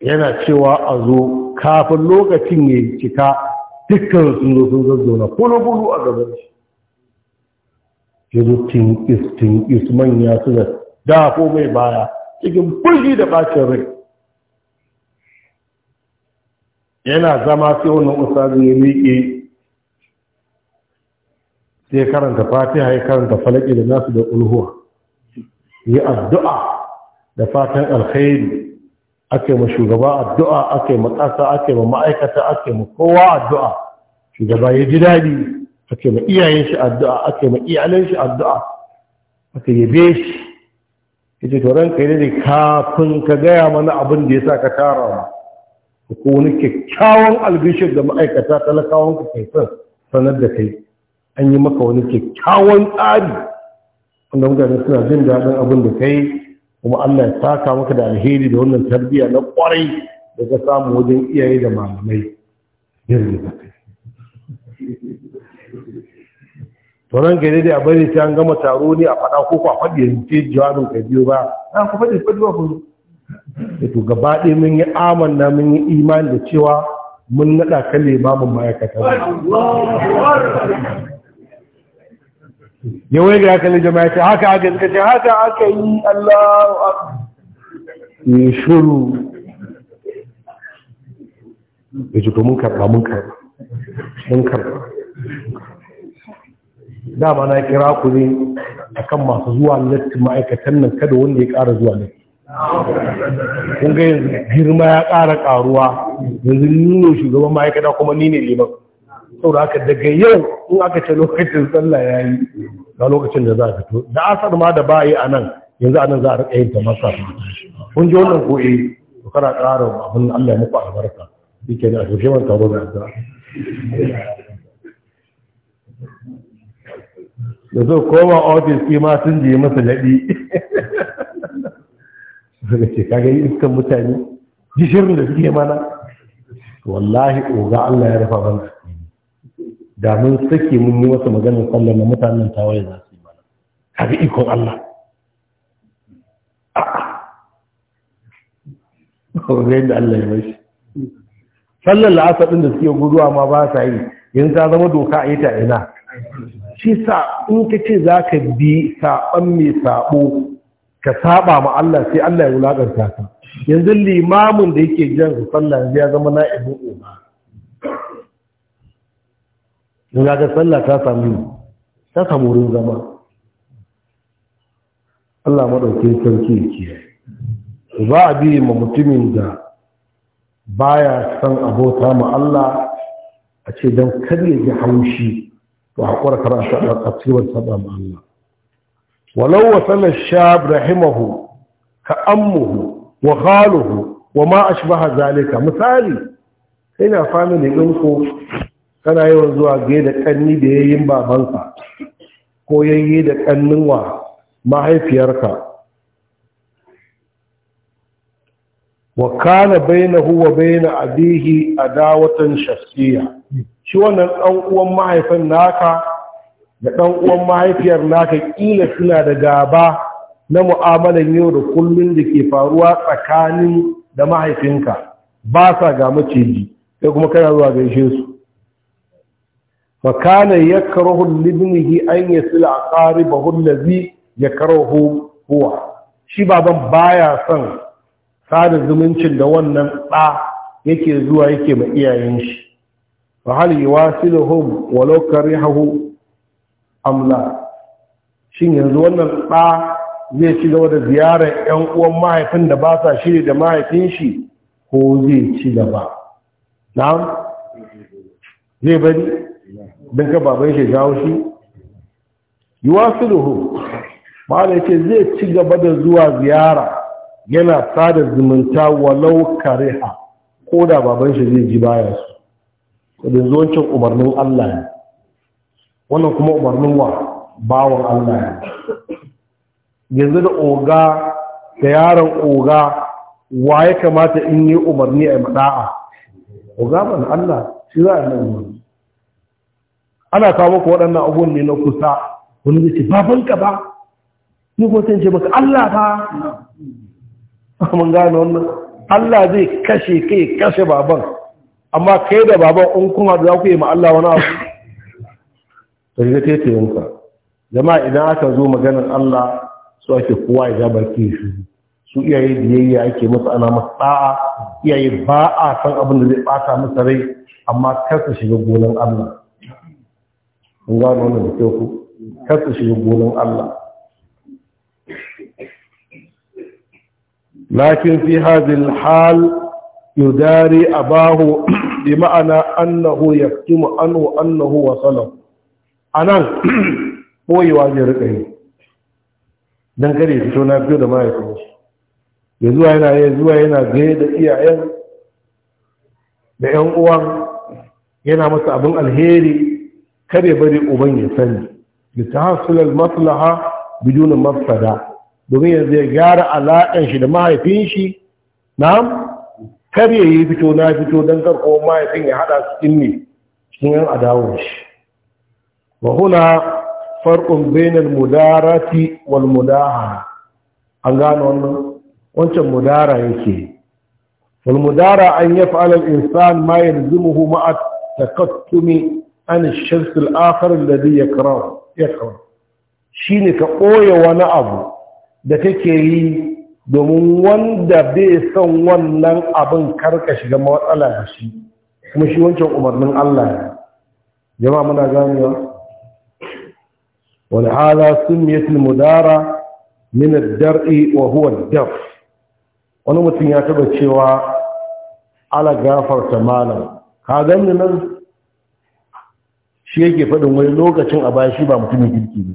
yana cewa a zo kafin lokacin ya cika dukkan sun zo sun zazzo na bulu a gaban shi ya zo tin is manya su da dafo mai baya cikin bulgi da bacin rai yana zama sai wannan ustazu ya miƙe sai karanta fatiha ya karanta falaki da nasu da ulhuwa yi addu'a da fatan alkhairi ake ma shugaba addu'a ake ma ƙasa ake ma ma'aikata ake ma kowa addu'a shugaba ya ji daɗi ake ma iyayen shi addu'a ake ma iyalen shi addu'a ake be shi ya ce to ranka yi ne kafin ka gaya mana abin da ya sa ka tara mu ko wani kyakkyawan albishir da ma'aikata talakawan ka kai son sanar da kai an yi maka wani kyakkyawan tsari wanda mutane suna jin daɗin abin da kai kuma Allah ya saka maka da alheri da wannan tarbiyya na kwarai da ka samu wajen iyaye da malamai yanzu da kai to nan gari dai a bari ta an gama taro ne a faɗa ko ku a faɗi yanzu ce jawabin ka biyo ba na ku faɗi faɗi ba ku to gaba ɗaya mun yi amanna mun yi imani da cewa mun naɗa kan limamin ma'aikata yawai da aka ne jama'a ce haka aka suka ce haka aka yi allahu akbar shuru ya ce to mun karɓa mun karɓa mun karɓa dama na kira ku ne a kan masu zuwa latti ma'aikatan nan kada wanda ya ƙara zuwa latti kun ga yanzu girma ya ƙara ƙaruwa yanzu nino shugaban ma'aikata kuma ni ne liman saboda aka daga yau in aka ce lokacin sallah ya yi ga lokacin da za a fito da asar ma da ba yi a nan yanzu a nan za a riƙa yin ta kun ji wannan ko eh to kana ƙara abin Allah ya muku albarka yake da ashe man taro da azza da zo koma ofis kima sun je masa laɗi daga ce kaga yi iskan mutane gishirin da suke mana wallahi oga Allah ya rufa mana da mun sake mun yi wasu maganar sallar na mutanen tawaye za su yi mana kaga ikon Allah a'a yadda Allah ya mashi sallar la'asar ɗin da suke guduwa ma ba sa yi yin ta zama doka a yi ta ina shi sa in ka ce za ka bi saɓan mai saɓo ka saba ma Allah sai Allah ya wulakanta ka yanzu limamin da yake jan sallah ya zama ibu uba in ga sallah ta samu ta samu wurin zama Allah madaukakin sarki yake ba a bi ma mutumin da baya san abota ma Allah a ce don kar ya ji haushi to hakura karanta a cikin saba ma Allah walau wasala shab rahimahu ka ammuhu wa khaluhu wa ma ashbaha zalika misali ina family din ku kana yawan zuwa gai da kanni da yayin babanka ko yi da kannin wa mahaifiyarka wa kana bainahu wa baina abihi dawatan shakhsiyya shi wannan ɗan uwan mahaifin naka da ɗan uwan mahaifiyar naka ƙila suna da gaba na mu'amalan yau da kullum da ke faruwa tsakanin da mahaifinka ba sa ga maciji sai kuma kana zuwa gaishe su fa ya yakrahu libnihi an yasila aqaribahu ya karo huwa shi baban baya son sada zumuncin da wannan ɗa yake zuwa yake ma iyayen shi fa hal yuwasiluhum walau karihahu amla shin yanzu wannan ɗa zai ci gaba da ziyarar 'yan uwan mahaifin da ba sa shiri da mahaifin shi ko zai ci gaba na zai bari don ka baban shi jawo shi yi wasu ruhu ma'ana yake zai ci gaba da zuwa ziyara yana sada zumunta walau kariha ko da baban shi zai ji baya su da zuwancin umarnin Allah ne wannan kuma umarnin wa bawan Allah ne yanzu da oga da yaron oga wa ya kamata in yi umarni a mada'a oga man Allah shi za a nan umarni ana kawo maka waɗannan abubuwan ne na kusa wani zai ce ka ba ni ko sai ce maka Allah ba mun gane wannan Allah zai kashe kai kashe baban amma kai da baban in kuma za ku yi ma Allah wani abu ka shiga yanka. jama'a idan aka zo maganar Allah su ake kowa ya jabar shi su iyaye biyayya ake masa ana masa da'a iyaye ba a san abin da zai ɓata masa rai amma kar su shiga gonan Allah kun gano wannan da kyau ku kar su shiga gonan Allah lakin fi hadhil hal yudari abahu bi ma'ana annahu yaktumu anhu annahu wasalahu a nan ɓoyewa zai riƙa yi don kada ya fito na da mahaifin shi ya zuwa yana ya zuwa yana gaye da iyayen da ‘yan uwan yana masa abin alheri kare bari uban ya sani da ta hasular maslaha bidunin mafsada domin yanzu ya gyara alaƙan shi da mahaifin shi na kare ya yi fito na fito don karɓo mahaifin ya haɗa su cikin ne cikin yan adawar shi وهنا فرق بين المدارة والمداهنة an gano wannan wancan mudara yake wal mudara an yaf'ala al insan ma yalzimuhu ma'a takattumi an ash-shams al akhar alladhi yakrahu yakrahu shine ka ɓoye wani abu da kake yi domin wanda bai son wannan abin karka shiga matsala da shi kuma shi wancan umarnin Allah ne jama'a muna ganewa ولهذا سميت المدارة من الدرء وهو الدف wani mutum ya taba cewa ala gafarta malam ka gani nan shi yake faɗin wani lokacin a shi ba mutumin kirki ne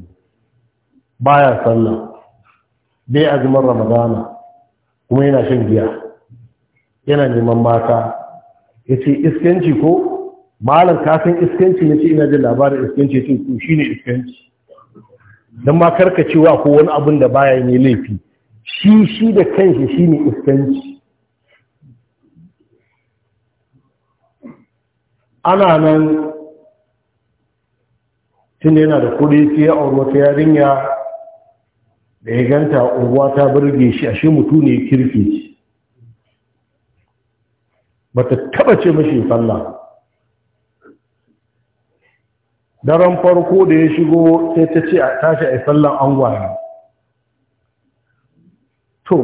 baya sallah bai azumin ramadana kuma yana shan giya yana neman mata ya ce iskanci ko malam kasan iskanci na ce ina jin labarin iskanci ya ce shi ne iskanci don ma karkacewa ko wani abin da baya ne laifi shi shi da kanshi shi ne iskanci ana nan tun yana da kudi sai ya auri wata yarinya da ya ganta unguwa ta birge shi ashe mutu ne kirki ba ta taba ce mashi sallah daren farko da ya shigo sai ta ce a tashi a sallan gwaya to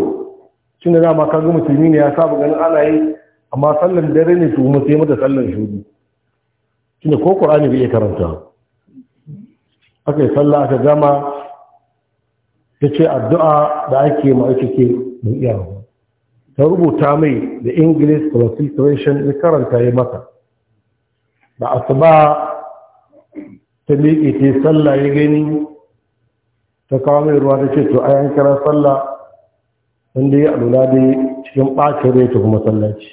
shi ne zama kaga musulmi ne ya saba ganin ana yi amma sallan dare ne su kuma sai mata sallan shudu shi ne ko ƙorani bai iya karanta aka yi sallah aka gama ta ce addu'a da ake ma'aikake mai iya ta rubuta mai da english translation ya karanta ya mata da asuba ta miƙe ta sallah ya gani ta kawo mai ruwa ta ce to a yan kira sallah wanda ya alula dai cikin ɓacin rai ta kuma sallaci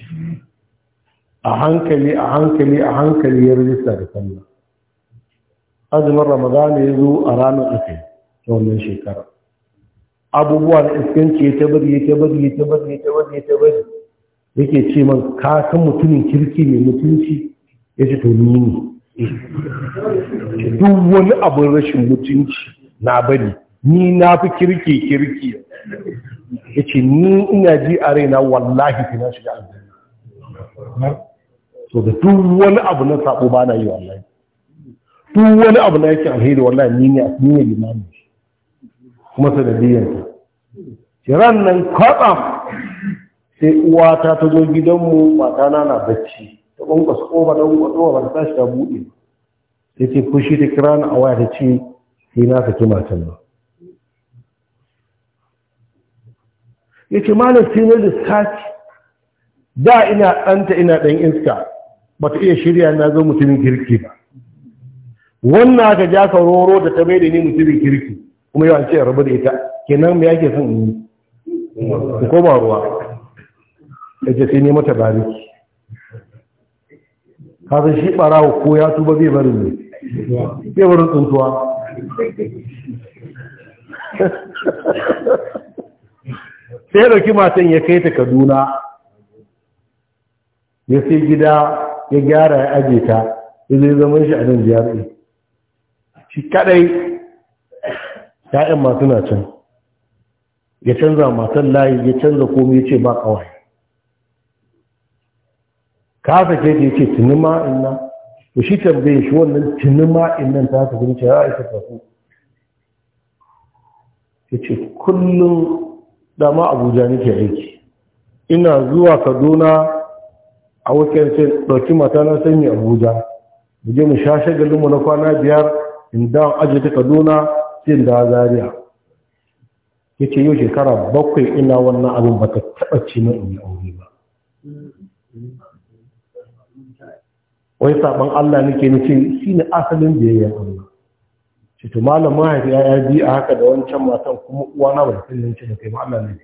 a hankali a hankali a hankali ya rijista da sallah azumin ramadana ya zo a ranar ake ta wannan shekara abubuwa na iskanci ya ta bari ya ta bari ya ta bari ya ta bari ya ta bari yake ce man ka san mutumin kirki mai mutunci ya ce to ni ne duk wani abin rashin mutunci na bari ni na fi kirki kirki ya ce ni ina ji a raina wallahi fi na shiga aljanna so da duk wani abu na sabo ba na yi wallahi duk wani abu na yake alheri wallahi ni ne yi ne shi kuma sanadiyyanta ran nan kwatsam sai uwata ta zo gidanmu matana na bacci kwankwasa ƙoba don kwatsowa ba ta shi ta buɗe sai ce fushi ta kira ni a waya ta ce sai na saki matan ba ya ce ma na lissafi da ina ɗanta ina ɗan iska ba ta iya shirya na zo mutumin kirki ba wannan ka ja ka roro da ta mai da ni mutumin kirki kuma yawan ce rabu da ita kenan me yake son in yi ko ba ruwa Ya ce sai ne mata bariki kasan shi barawa ko ya tuba bai barin ne bai barin tsuntuwa sai ya dauki matan ya kai ta kaduna ya sai gida ya gyara ya aje ta ya zai zama shi a nan jiyar shi kadai ya'yan masu na can ya canza matan layi ya canza komai ya ce ba kawai ka sake da yake tuni ma'in nan to shi tambaye shi wannan tuni ma'in nan ta haka zuciya ya isa tafi ya ce kullum dama abuja nake aiki ina zuwa kaduna a wakil sai ɗauki mata na sanyi abuja mu je mu sha shagalin mu na kwana biyar in da aji ta kaduna sai da zaria ya ce yau shekara bakwai ina wannan abin ba ta taɓa ci yi aure ba wai saban Allah nake shi shine asalin biyayya Allah shi to malam mahaifi ya bi a haka da wancan matan kuma uwa na bai kullun ce kai ma Allah ne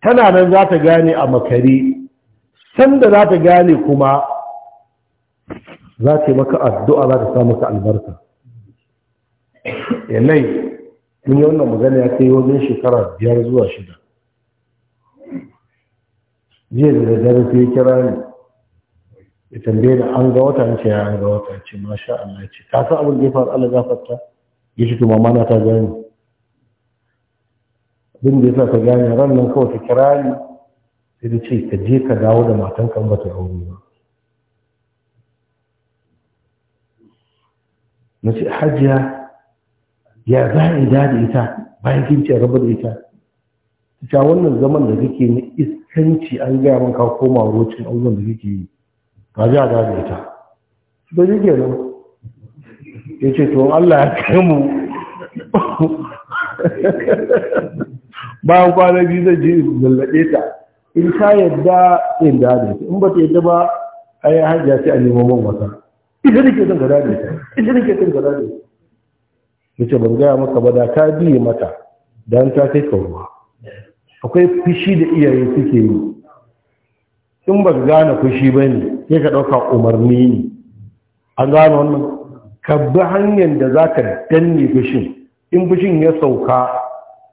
tana nan za ta gane a makari, sanda za ta gane kuma za ta maka addu'a za ta sa maka albarka yanayi kun yi wannan magana ya kai wajen shekara biyar zuwa shida jiya da daddare sai kira ni ya tambaye da an ga wata ce ya an ga wata ce masha Allah ce ka san abin da ya faru Allah gafarta ya shi kuma ta gane abin da ya sa ta gani ran nan kawai ta kira ni sai ta ce ka je ka dawo da matan kan bata aure ba na ce hajiya ya za a da ita bayan kin ce rabu da ita ta wannan zaman da kake na iskanci an gaya man ka koma rocin abubuwan da kake yi ka ji a gane ita da ji ke nan ya ce to Allah ya kai mu bayan kwana biyu zai je zallaɓe ta in ta yadda in da da in ba ta yadda ba a yi hajjiya sai a neman man wata ita da ke son gada da ita ita da ke son gada da ita ya ce ban gaya maka ba da ta biye mata dan ta kai ka ruwa akwai fushi da iyaye suke yi in ba gane fushi ba ne sai ka ɗauka umarni ne an gane wannan ka bi hanyar da za ka danne fushin in fushin ya sauka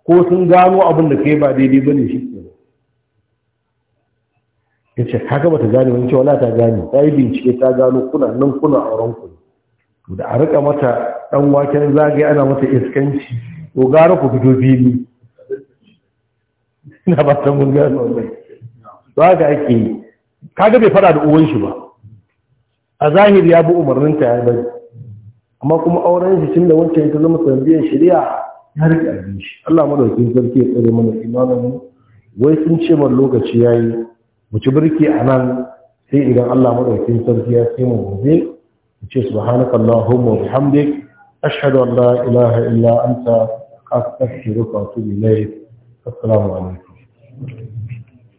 ko sun gano abin da kai ba daidai ba ne shi ke ya ce kaga bata gane wani cewa ta gane ta yi bincike ta gano kuna nan kuna auren ku da a rika mata dan waken zagaye ana mata iskanci ko gara ku fito fili ina ba ta mun gano mai to haka ake yi kaga bai fara da uwan shi ba a zahiri ya bi umarnin ta ya bari amma kuma auren shi tunda wancan ta zama sanadiyar shari'a ya rike abin shi Allah madaukakin sarki ya tsare mana imanin wai sun ce man lokaci yayi mu ci birki a nan sai idan Allah madaukakin sarki ya sai mu gobe mu ce subhanakallahumma wa bihamdik ashhadu an la ilaha illa anta astaghfiruka wa atubu ilayk assalamu Amen.